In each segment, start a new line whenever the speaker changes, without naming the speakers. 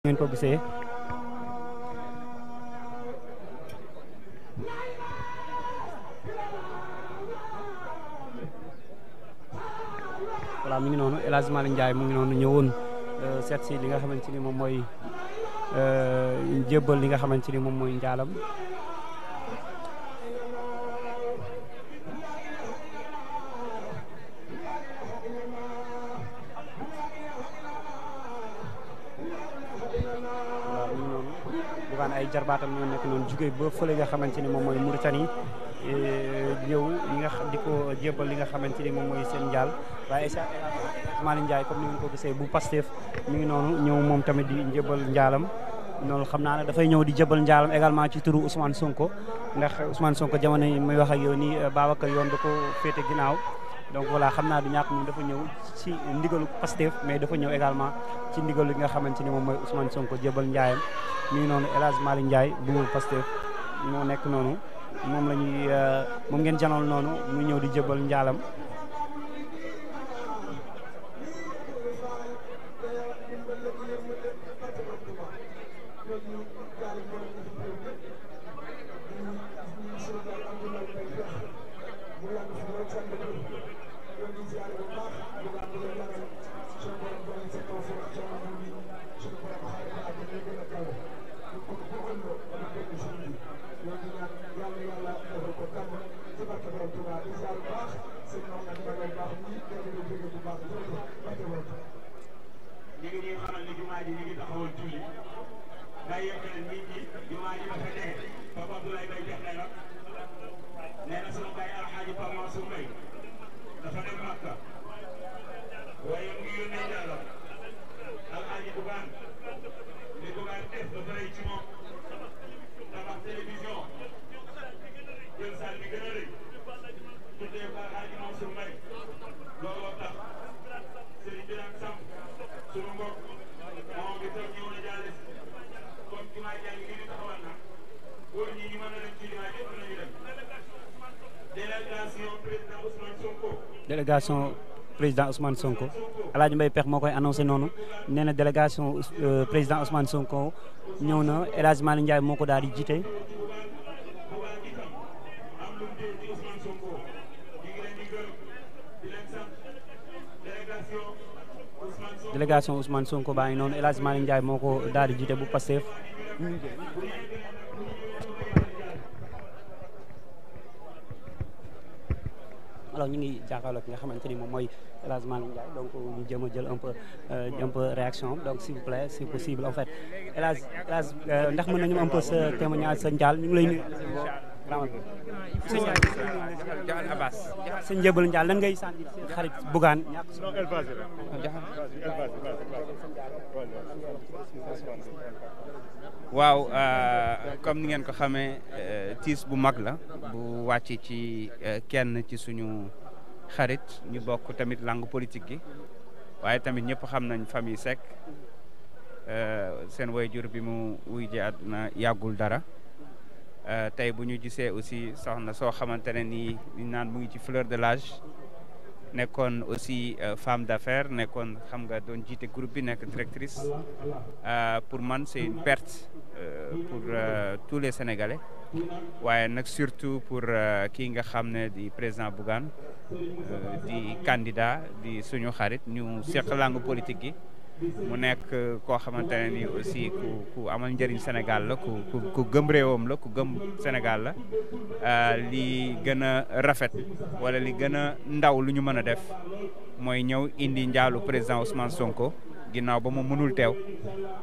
ngeen ko gisee voilà mi ngi noonu El Hadj Malick Ndiaye mu ngi noonu ñëwoon euh, seet si li nga xamante ni moom mooy euh, jébbal li nga xamante ni moom mooy njaalam Bougane ay jarbaatam ñoo nekk noonu jugee ba fële nga xamante ni moom mooy Mauritanie ñëw ñi nga xam di ko jébbal li nga xamante ni moom mooy seen njaal waaye Issa Malick Ndiaye comme ni ko bu Pastef mi noonu ñëw moom tamit di njëbal njaalam noonu xam naa ne dafay ñëw di jabal njaalam également ci turu Ousmane Sonko ndax Ousmane Sonko jamono yi muy wax ak yow nii euh, Babacar yoon da ko féete ginnaaw donc voilà xam naa du ñaata moom dafa ñëw ci ndigalu Pastef mais dafa ñëw également ci ndigalu li nga xamante ni moom mooy Ousmane Sonko jëbal njaayam mi ngi noonu El Hadj Malick Ndiaye bu Pastef moo nekk noonu moom la ñuy euh, moom ngeen janool noonu mu ñëw di jëbal njaalam
yàlla yàlla defal ko tàmm ci barke borom Touba baax sëñ Mouhamed Maguette baax ñii dañu leen jóge bu baax jërëjëf day yëkkal nit ñi jumaa ji dafa tege Papa Abdoulaye Mbaye jox na la nee Alxaaji Papa Mansour dafa dem Makka.
délégation président Ousmane Sonko El Hadj Pex moo koy annoncé noonu nee na délégation euh, président Ousmane Sonko ñëw na El Hadj moo ko daal di jiite. délégation baa ngi noonu bu Pastef. alors ñu ngi jàkkaarloo ki nga xamante ni moom mooy El Hadj Malick Ndiaye donc ñu a jël un peu un peu réaction donc s'il vous plaît c'est possible en fait El Hadj El Hadj ndax mën nañu un peu sa témoignage sa njaal ñu ngi lay nuyu.
Jaxal Abbas sa njëbal njaal lan ngay sànni xarit Bougane waaw euh,
comme ni ngeen ko xamee euh, tiis bu mag la bu wàcc ci euh, kenn ci suñu xarit ñu bokk tamit langue politique gi waaye tamit ñëpp xam nañ famille Seck seen way jur bi mu wuy ji àdduna yàggul dara tey bu ñu jisee aussi soxna soo xamante ne nii ñu naan mu ngi ci fleur de lage nekkoon aussi euh, femme d'affaires nekkoon xam nga doon jiite group bi nekk directrice euh, pour man c'est une perte euh, pour tous les Sénégalais waaye nag surtout pour kii nga xam ne di président Bougane di candidat di suñu xarit ñu seq langue politique gi mu nekk euh, koo xamante ne ni aussi ku amal njëriñ Sénégal la ku ku ku gëm la ku gëm Sénégal la euh, li gën a rafet wala li gën a ndaw lu ñu mën a def mooy ñëw indi njaalu président Ousmane Sonko ginnaaw ba mu mënul teew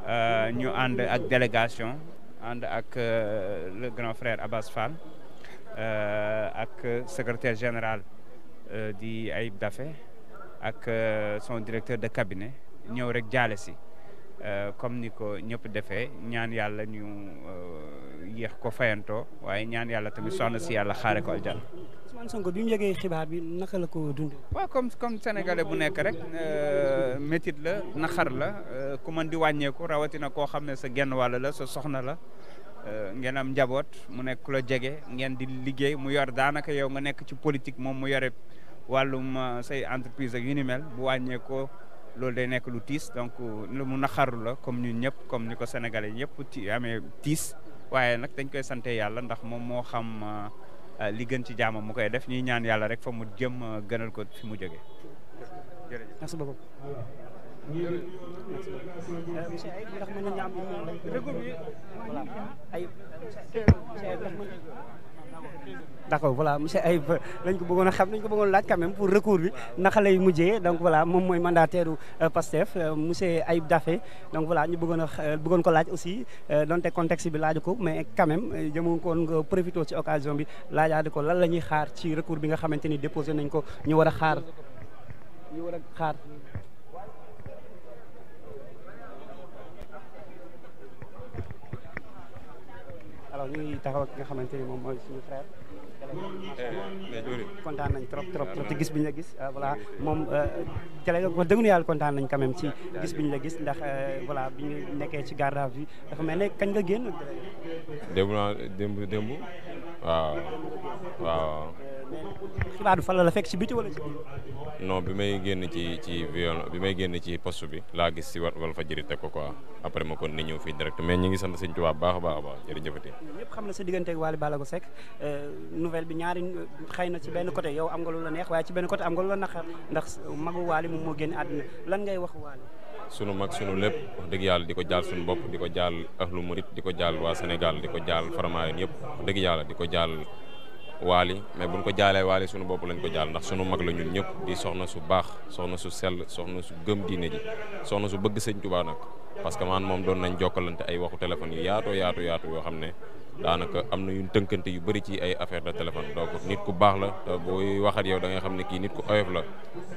euh, ñu ànd ak délégation ànd ak le grand frère Abbas Fall ak secretaire général di Ayib Daffé ak son directeur de cabinet ñëw rek jaale si euh, comme ni ko ñëpp defee ñaan yàlla ñu euh, yéex ko fayantoo waaye ñaan yàlla tamit soxna si yàlla xaare ko aljana.
Ousmane bi mu yëgee xibaar bi naka la ko dundee. waaw comme comme sénégalais bu nekk rek
euh, métit la naxar la ku mën di wàññeeku rawatina koo xam ne sa genn wàll la sa soxna la. ngeen am njaboot mu nekk ku la jege ngeen di liggéey mu yor daanaka yow nga nekk ci politique moom mu yore wàllum say entreprise ak yu bu wàññeekoo. loolu day nekk lu tiis donc lu mu naqaru la comme ñun ñëpp comme ni ko senegalee ñëpp ci amee tiis waaye nag dañ koy sante yàlla ndax moom moo xam euh, euh, li gën ci jaamam mu koy def ñuy ñaan yàlla rek fa mu jëm euh, gënal ko fi mu jógee.
d'accord voilà monsieur Ayib lañ ko bëggoon a xam nañ ko bëggoon laaj quand même pour recours bi naka lay mujjee donc voilà moom mooy mandataire u euh, PASTEF euh, monsieur Ayib Daffé donc voilà ñu bëggoon a euh, bëggoon ko laaj aussi donte contexte bi laaj ko mais quand même jëmoon koon nga profité ci occasion bi laajaat ko lan la ñuy xaar ci recours bi nga xamante ni déposé nañ ko ñu war a xaar war a xaar
waaw ñu ngi taxaw ak
nga xamante ni moom mooy suñu frère. Eh, kontaan nañ trop trop trop ci gis bi ñu la gis ah, voilà moom délégué euh, wax dëgg yàlla kontaan nañ quand même ci gis bi la gis ndax euh, voilà bi ñu nekkee ci garde à vue dafa mel ne kañ nga génn.
démb naa waaw waaw.
xibaar bi la la fekk ci biti wala ci
non bi may génn ci ci viol bi may génn ci poste bi laa gis si Walfadjri teg ko quoi après ma kon ni ñëw fii direct mais ñu ngi sant sëñ Tuubaa baax a baax a baax jërëjëfati
ñëpp xam na si diggante ak baala Ballago Seck euh, nouvelle bi ñaari xëy na ci benn côté yow am nga lu la neex waaye ci benn côté am nga lu la naqar ndax magu Wally moom moo génn àdduna lan ngay wax Wally
sunu mag sunu lépp wax dëgg yàlla di ko jaal suñu bopp di ko jaal ahlu murit di ko jaal waa Sénégal di ko jaal faramaayeen yëpp dëgg yàlla di ko jaal waali mais bu buñ ko jaalee waali suñu bopp lañ ko jaal ndax suñu mag la ñun ñëpp di soxna su baax soxna su sell soxna su gëm diine ji soxna su bëgg sëñ Tuubaa nag parce que man moom doon nañ jokkalante ay waxu téléphone yu yaato yaatu yaatu yoo xam ne daanaka am na yu tënkante yu bëri ci ay affaire de téléphone donc nit ku baax la te booy wax ak yow dangay xam ne kii nit ku oyof la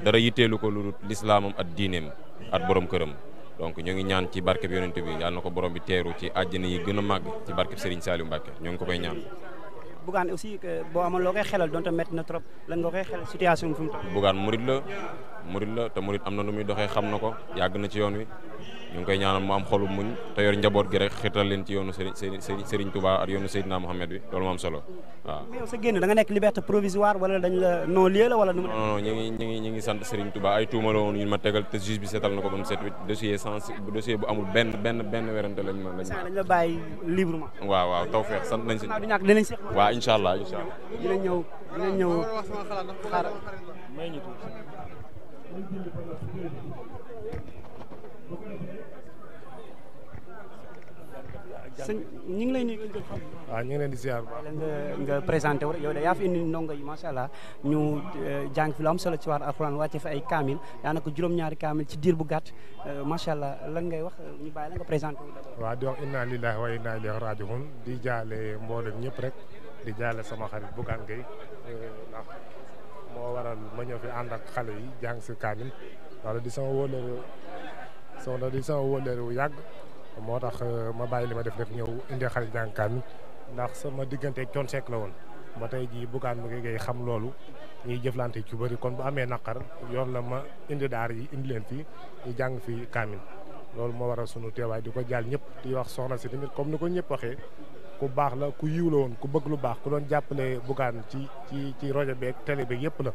dara yitteelu ko lu lislaamam at diineem at borom këram donc ñu ngi ñaan ci barkeb yonent bi yàlla na ko borom bi teeru ci àjjana yi gën a màgg ci barkeb Serigne Saliou Mbacke ñoo ngi ko koy ñaan
Bougane aussi boo amoon loo koy xelal donte métti na trop lan nga koy xelal situation bi fu
murit la murit la te murit am na nu muy doxee xam na ko yàgg na ci yoon wi ñu ngi koy ñaanal mu am xolu muñ te yor njaboot gi rek xital leen ci yoonu Serigne Serigne Serigne Touba ak yoonu Seydina Mohamed bi loolu moo am solo waaw. mais
yow sa génn da nekk liberté provisoire wala dañ la non lié la wala. non
non ñu ngi ñu ngi sant Serigne tubaa ay tuuma la woon ma tegal te juge bi seetal na ko ba mu seet dossier sans dossier bu amul benn benn benn werante lañ ma. lañ ma la bàyyi librement. waaw waaw tawfeex sant nañ si. waaw du ñàkk dinañ si. waaw incha allah incha allah.
dinañ ñëw dinañ
ñëw xaaral. sëñ ñu ngi lay nuyu. waaw ah, ngi leen di ziar bu baax. nga présenté
wu rek yow yaa fi indi ndongo yi macha allah ñu eh, jàng fi lu am solo ci waar alxuraan wàcce fi ay kaamil daanaka juróom-ñaari kaamil ci diir bu gàtt eh, macha allah lan ngay wax ñu bàyyi la nga présenté wu.
waaw di wax inna lillahi wa inna ilayhi raji'un di jaale mboole ñëpp rek di jaale sama xarit Bougane Gueye eh, ndax moo waral ma ñëw fi ànd ak xale yi jàng si kaamil wala di sama wóoleeru sama di yàgg. moo tax euh, ma bàyyi li ma def def ñëw indi xarit jàng kaamil ndax sama diggante coon seek la woon ma tey jii bugaan mi ngay xam loolu ñuy jëflante ci bëri kon bu amee naqar yoon la ma indi daar yi indi leen fii ñu jàng fi kaamil loolu moo a sunu teewaay di ko jaal ñëpp di wax soxna si tamit comme ni ko ñëpp waxee ku baax la ku yiw la woon ku bëgg lu baax ku doon jàppale bugaan ci ci ci rajo beeg télé beeg yëpp la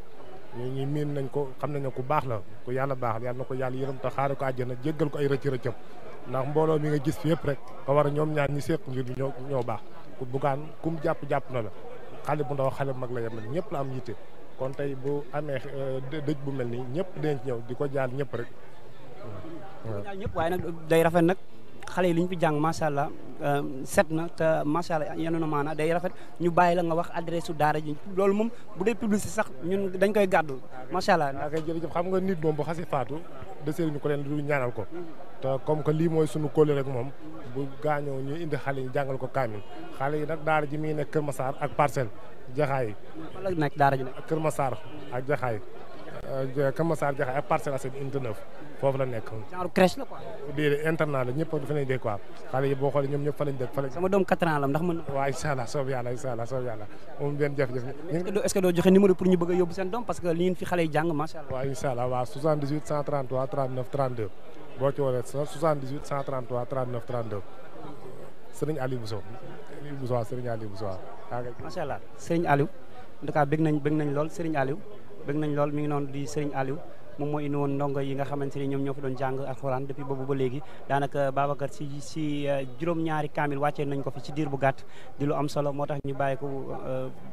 ñi miin nañ ko xam nañ ku baax la ku la baax la yàlla na ko yàlla yërëm te xaaral ko àjjana jéggal ko ay rëcc ndax mbooloo mi nga gis fi yëpp rek ka war a ñoom ñaar ñi seq ngir ñoo baax ku bugaan kum jàpp jàpp na la xale bu ndaw xale mag la yemal ñëpp la am yitte kon tey bu amee eh, dëj bu mel nii ñëpp dinañ ci ñëw di ko jaal ñëpp rek. waaye rafet nag. xale yi li ñu fi
jàng macha allah euh, set na te macha allah yenu na maana day rafet ñu bàyyi la nga wax adresse
su daara ji loolu moom bu dee publicité sax ñun dañ koy gàddu macha allah. waaw ah, kay jërëjëf xam nga nit moom bu xasee faatu deseer ñu ko leen du ñaanal ko. comme que lii mooy sunu kóolé rek moom. gaañoo ñu indi xale yi jàngal ko kaamil xale yi nag daara ji mi ngi nekk Kër Massar ak Parcelles Jaxaay. fan la nekk daara ji nag. Kër Massar ak Jaxaay. Euh, Kër Massar Jaxaay ak Parcelles Assainies unité 9 foofu la nekk. genre crèche la quoi. déedéet internat la ñëpp fa lañ dee quoi xale yi boo xoolee ñoom ñëpp fa lañ dëkk seen doom parce que li fi xale yi jàng waaw incha allah waaw 78 133 39 32 boo ci woolee lool
Serigne Aliou bëgg nañ lool mi ngi noonu di Serigne Aliou moom moo indi woon ndongo yi nga xamante ni ñoom ñoo fi doon jàng alxuraan depuis boobu ba léegi daanaka Babacar si si eh, juróom-ñaari kaamil wàccee nañ ko fi si diir bu gàtt di lu am solo moo tax ñu bàyyi ko eh,